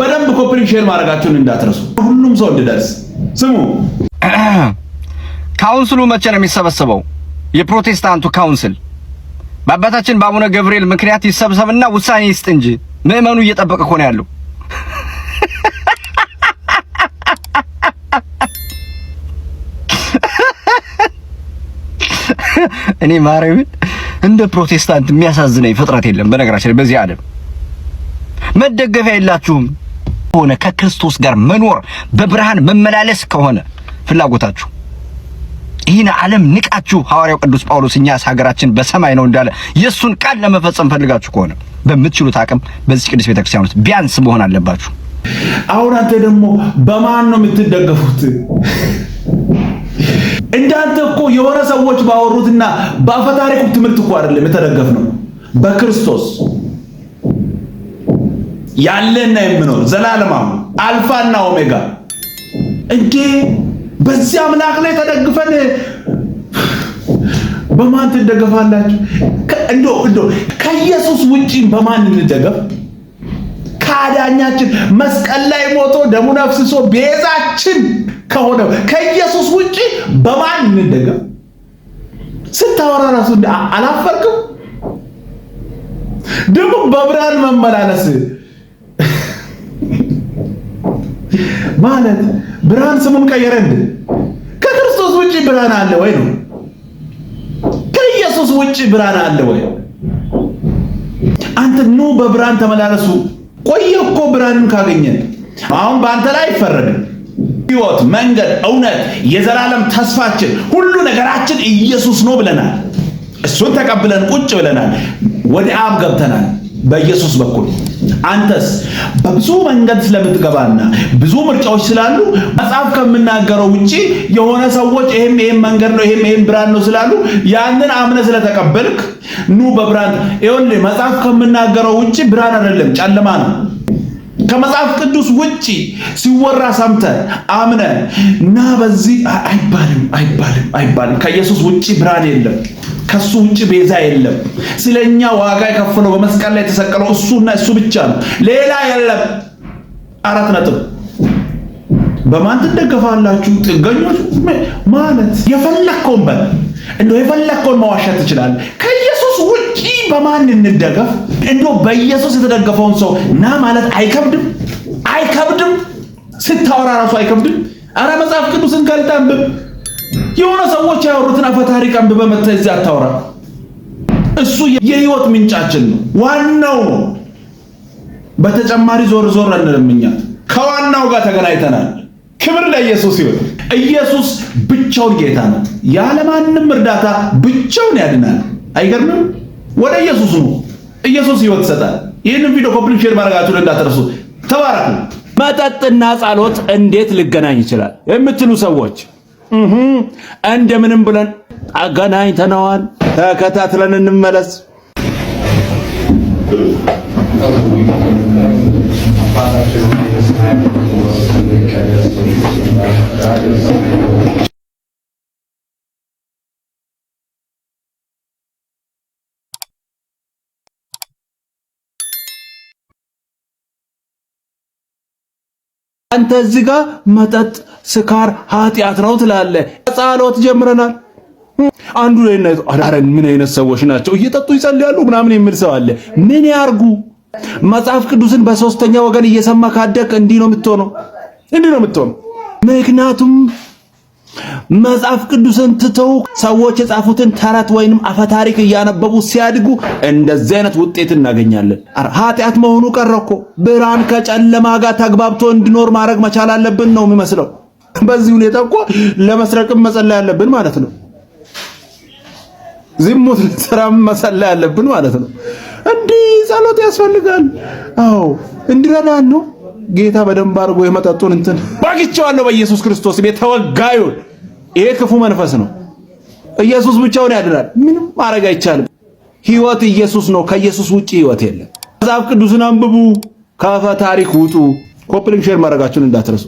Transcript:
በደንብ ኮፕሊንግ ሼር ማድረጋችሁን እንዳትረሱ፣ ሁሉም ሰው እንድደርስ። ስሙ፣ ካውንስሉ መቼ ነው የሚሰበሰበው? የፕሮቴስታንቱ ካውንስል በአባታችን በአቡነ ገብርኤል ምክንያት ይሰብሰብና ውሳኔ ይስጥ እንጂ ምዕመኑ እየጠበቀ ከሆነ ያለው። እኔ ማርያምን እንደ ፕሮቴስታንት የሚያሳዝነኝ ፍጥረት የለም። በነገራችን በዚህ ዓለም መደገፊያ የላችሁም። ከሆነ ከክርስቶስ ጋር መኖር በብርሃን መመላለስ ከሆነ ፍላጎታችሁ ይህን ዓለም ንቃችሁ ሐዋርያው ቅዱስ ጳውሎስ እኛስ ሀገራችን በሰማይ ነው እንዳለ የእሱን ቃል ለመፈጸም ፈልጋችሁ ከሆነ በምትችሉት አቅም በዚህ ቅዱስ ቤተክርስቲያን ውስጥ ቢያንስ መሆን አለባችሁ። አሁን አንተ ደግሞ በማን ነው የምትደገፉት? እንዳንተ እኮ የሆነ ሰዎች ባወሩትና በአፈታሪኩ ትምህርት እኮ አይደለም የተደገፍ ነው በክርስቶስ ያለና የምኖር ዘላለማም አልፋና ኦሜጋ እንዴ! በዚህ አምላክ ላይ ተደግፈን በማን ትደገፋላችሁ? እንዶ እንዶ ከኢየሱስ ውጪ በማን እንደገፍ? ከአዳኛችን መስቀል ላይ ሞቶ ደሙን አፍስሶ ቤዛችን ከሆነው ከኢየሱስ ውጪ በማን እንደገፍ? ስታወራ ራሱ አላፈርክም ደግሞ በብርሃን መመላለስ ማለት ብርሃን ስሙን ቀየረ እንዴ? ከክርስቶስ ውጪ ብርሃን አለ ወይ ነው? ከኢየሱስ ውጪ ብርሃን አለ ወይ? አንተ ኑ በብርሃን ተመላለሱ። ቆየ እኮ ብርሃንን ካገኘ አሁን በአንተ ላይ አይፈረድም። ህይወት መንገድ፣ እውነት፣ የዘላለም ተስፋችን ሁሉ ነገራችን ኢየሱስ ነው ብለናል። እሱን ተቀብለን ቁጭ ብለናል። ወደ አብ ገብተናል በኢየሱስ በኩል አንተስ በብዙ መንገድ ስለምትገባና ብዙ ምርጫዎች ስላሉ መጽሐፍ ከምናገረው ውጪ የሆነ ሰዎች ይሄም ይሄም መንገድ ነው ይሄም ይሄም ብርሃን ነው ስላሉ ያንን አምነ ስለተቀበልክ ኑ በብርሃን ይሁን መጽሐፍ ከምናገረው ውጪ ብርሃን አይደለም ጨለማ ነው ከመጽሐፍ ቅዱስ ውጪ ሲወራ ሰምተ አምነ እና በዚህ አይባልም አይባልም አይባልም። ከኢየሱስ ውጭ ብርሃን የለም። ከሱ ውጭ ቤዛ የለም። ስለኛ ዋጋ የከፈለው በመስቀል ላይ የተሰቀለው እሱና እሱ ብቻ ነው። ሌላ የለም። አራት ነጥብ። በማን ትደገፋላችሁ? ጥገኞች ማለት የፈለከውን በል እንደ የፈለግከውን መዋሸት ትችላለህ። ከኢየሱስ ውጪ በማን እንደገፍ? እንደ በኢየሱስ የተደገፈውን ሰው ና ማለት አይከብድም። አይከብድም። ስታወራ ራሱ አይከብድም። አረ መጽሐፍ ቅዱስን ገልጠህ አንብብ። የሆነ ሰዎች ያወሩትን አፈታሪክ አንብበህ መጥተህ እዚህ አታወራ። እሱ የህይወት ምንጫችን ነው፣ ዋናው ነው። በተጨማሪ ዞር ዞር አንልም። እኛ ከዋናው ጋር ተገናኝተናል። ክብር ለኢየሱስ ይሁን። ኢየሱስ ብቻውን ጌታ ነው። ያለማንም እርዳታ ብቻውን ያድናል። አይገርምም? ወደ ኢየሱስ ነው። ኢየሱስ ህይወት ይሰጣል። ይህንን ቪዲዮ ኮፒ ሼር ማድረጋችሁን እንዳትረሱ። ተባረኩ። መጠጥና ጸሎት እንዴት ሊገናኝ ይችላል የምትሉ ሰዎች እንደምንም ብለን አገናኝተነዋል። ተከታትለን እንመለስ። አንተ እዚህ ጋር መጠጥ፣ ስካር፣ ኃጢአት ነው ትላለህ። ጸሎት ጀምረናል። አንዱ ላይ ምን አይነት ሰዎች ናቸው እየጠጡ ይጸልያሉ ምናምን የሚል ሰው አለ። ምን ያርጉ? መጽሐፍ ቅዱስን በሶስተኛ ወገን እየሰማ ካደግ እንዲህ ነው የምትሆነው፣ እንዲህ ነው የምትሆነው። ምክንያቱም መጽሐፍ ቅዱስን ትተው ሰዎች የጻፉትን ተረት ወይንም አፈታሪክ እያነበቡ ሲያድጉ እንደዚህ አይነት ውጤት እናገኛለን። ኃጢአት መሆኑ ቀረኮ ብርሃን ከጨለማ ጋር ተግባብቶ እንዲኖር ማድረግ መቻል አለብን ነው የሚመስለው። በዚህ ሁኔታ እኮ ለመስረቅም መጸለይ ያለብን ማለት ነው። ዝሙት ስራም መጸለይ ያለብን ማለት ነው። እንዲህ ጸሎት ያስፈልጋል። አዎ እንዲረዳን ነው። ጌታ በደንብ አድርጎ የመጠጡን እንትን ባግቼዋለሁ። በኢየሱስ ክርስቶስ ቤት ተወጋዩን ይሄ ክፉ መንፈስ ነው። ኢየሱስ ብቻውን ያድናል። ምንም ማድረግ አይቻልም። ህይወት ኢየሱስ ነው። ከኢየሱስ ውጪ ህይወት የለም። መጽሐፍ ቅዱስን አንብቡ። ከፈ ታሪክ ውጡ። ኮፕሊንግ ሼር ማድረጋችሁን እንዳትረሱ።